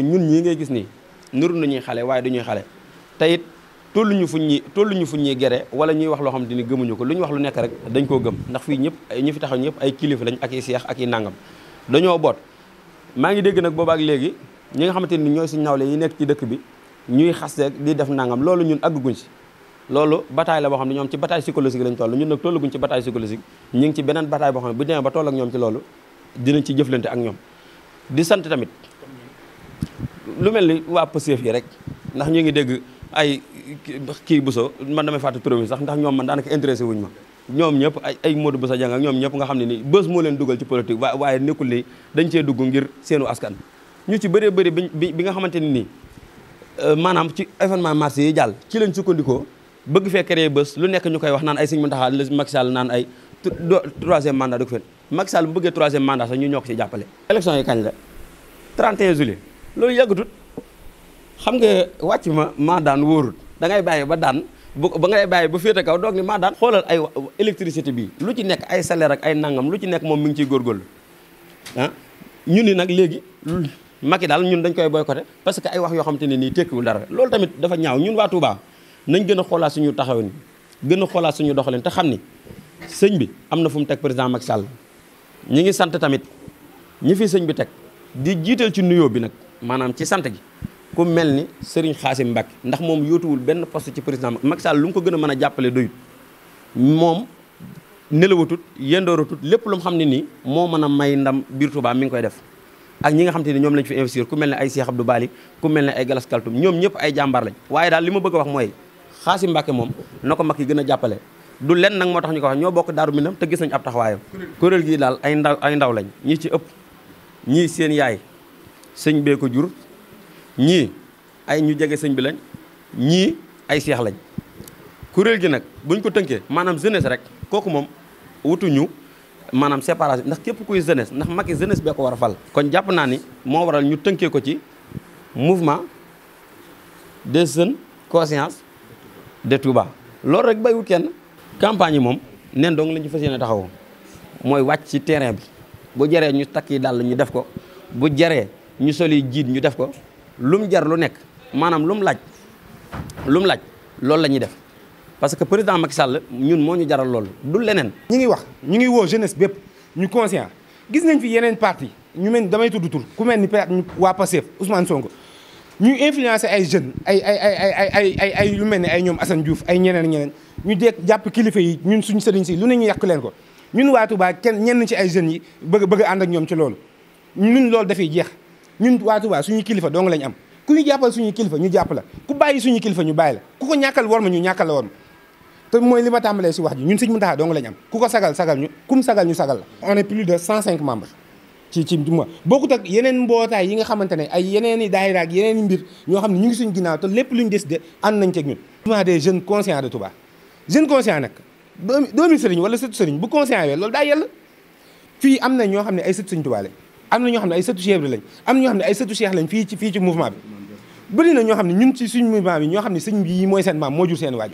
ñun ñi ngay gis nii nuru nañuy xale waaye duñuy xale te it tolluñu fuñ ñi tolluñu fu ñi gere wala ñuy wax loo xam ni gëmuñu ko lu ñu wax lu nekk rek dañ koo gëm ndax fii ñëpp ñi fi taxaw ñëpp ay kilifa lañ ak i seex ak i nangam dañoo boot maa ngi dégg nag boobaak léegi ñi nga xamante ni ñooy suñ nawle yi nekk ci dëkk bi ñuy xasteeg di def nangam loolu ñun agguñ si loolu bataille la boo xam ne ñoom ci bataille psychologique lañ toll ñun nag tollaguñ ci bataille psychologique ñu ngi ci beneen bataille boo xam ne bu demee ba toll ak ñoom ci loolu dinañ ci jëflante ak ñoom di sant tamit lu mel ni waa Pastef yi rek ndax ñu ngi dégg ay kii bu Bousso man damay fàtte turam sax ndax ñoom man daanaka intéressé wuñ ma ñoom ñëpp ay ay Modou Bousso Dieng ak ñoom ñëpp nga xam ne nii bés moo leen dugal ci politique waaye waaye nekkul dañ cee dugg ngir seenu askan ñu ci bëree bëri bi bi nga xamante ne nii euh, maanaam ci événement marché yi jàll ci lañ sukkandikoo bëgg fee créer bés lu nekk ñu koy wax naan ay Serigne Mountakha la Macky Sall naan ay troisième mandat du ko bëgg Macky Sall bu bëggee troisième mandat sax ñu ñoo ko ci jàppale élection yi kañ la 31 juillet loolu yàggatut xam nga wàcc ma maa daan wóorut dangay bàyyi ba daan bu ba ngay bàyyi ba féete kaw doog ni maa daan xoolal ay électricité bi lu ci nekk ay salaire ak ay nangam lu ci nekk moom mi ngi ciy góorgóorlu ah ñu ni nag léegi Macky daal ñun dañ koy boycotté parce que ay wax yoo xam te ne nii tekkiwul dara loolu tamit dafa ñaaw ñun waa Touba nañ gën a xoolaat suñu taxawin gën a xoolaat suñu doxalin te xam ni sëñ bi am na fu mu teg président Macky Sall ñi ngi sant tamit ñi fi sëñ bi teg di jiital ci nuyoo bi nag maanaam ci sant gi ku mel ni Serigne Xaasim Mbacke ndax moom yóotuwul benn poste ci président Macky Sall lu mu ko gën a mën a jàppale doyut moom nelawatut yendooratut lépp lu mu xam ne nii moo mën a may ndam biir Touba mi ngi koy def ak ñi nga xam te ni ñoom lañ fi investir ku mel ni ay Cheikh du Bali ku mel ne ay Galas Kaltum ñoom ñëpp ay jàmbaar lañ waaye daal li ma bëgg a wax mooy Xaasim Mbacke moom na ko mag yi gën a jàppale du lenn nag moo tax ñu ko wax ñoo bokk daaru minam te gis nañu ab taxawaayam kuréel gii daal ay ndaw ay ndaw lañ ñi ci ëpp ñii seen yaay sëñ bee ko jur ñii ay ñu jege sëñ bi lañ ñii ay seex lañ kuréel gi nag buñ ko tënkee maanaam jeunesse rek kooku moom wutuñu maanaam séparation ndax képp kuy jeunesse ndax Macky jeunesse bee ko war a fal. kon jàpp naa ni moo waral ñu tënkee ko ci mouvement des jeunes conscience de Touba. loolu rek baywul kenn campagne yi moom nen dong lañ ci fas yéene taxawoo mooy wàcc ci terrain bi bu jëree ñu takki daal lañu def ko bu jëree. ñu soli jiit ñu def ko lum jar lu nekk maanaam lum laaj lum laaj loolu la ñuy def parce que per président Macky Sall ñun moo ñu jaral loolu du leneen. ñu ngi wax ñu ngi woo jeunesse bépp ñu conscient gis nañ fi yeneen parti ñu mel damay tudd ku mel ni waa Pastef Ousmane Sonko ñu influencé ay jeunes ay ay ay ay ay ay ay lu mel ne ay ñoom assan Diouf ay ñeneen ñeneen ñu dégg jàpp kilifa yi ñun suñu sëriñ si lu ne ñu yàq leen ko ñun waa Touba kenn ñenn ci ay jeunes yi bëgg bëgg ànd ak ñoom ci loolu ñun loolu dafay jeex. ñun waa Touba suñu kilifa dong lañ am ku ñu jàppal suñu kilifa ñu jàpp ku bàyyi suñu kilifa ñu bàyyi la ku ko ñàkkal war ma ñu ñàkkal la war te mooy li ma tàmbalee si wax ji ñun Sëñ Muntaxa dong lañ am ku ko sagal sagal ñu kum sagal ñu sagal la on est plus de 105 membres ci ci ma bokkut ak yi nga xamante ne ay yeneen i daayira ak yeneen i ñoo xam ne ñu ngi suñu ginnaaw te lépp luñ décidé ànd nañ ceeg ñun mouvement des jeunes conscients de Touba jeune conscient nag doomi sëriñ wala sëtu sëriñ bu conscient yooyu loolu daa yàlla fii am na ñoo xam ne ay sëtu sëriñ Touba lañ am na ñoo xam ne ay sëtu Cheikh lañ am na ñoo xam ne ay sëtu Cheikh lañ fii ci fii ci mouvement bi bëri na ñoo xam ne ñun ci suñ mouvement bi ñoo xam ne sëñ bi mooy seen maam moo jur seen waajur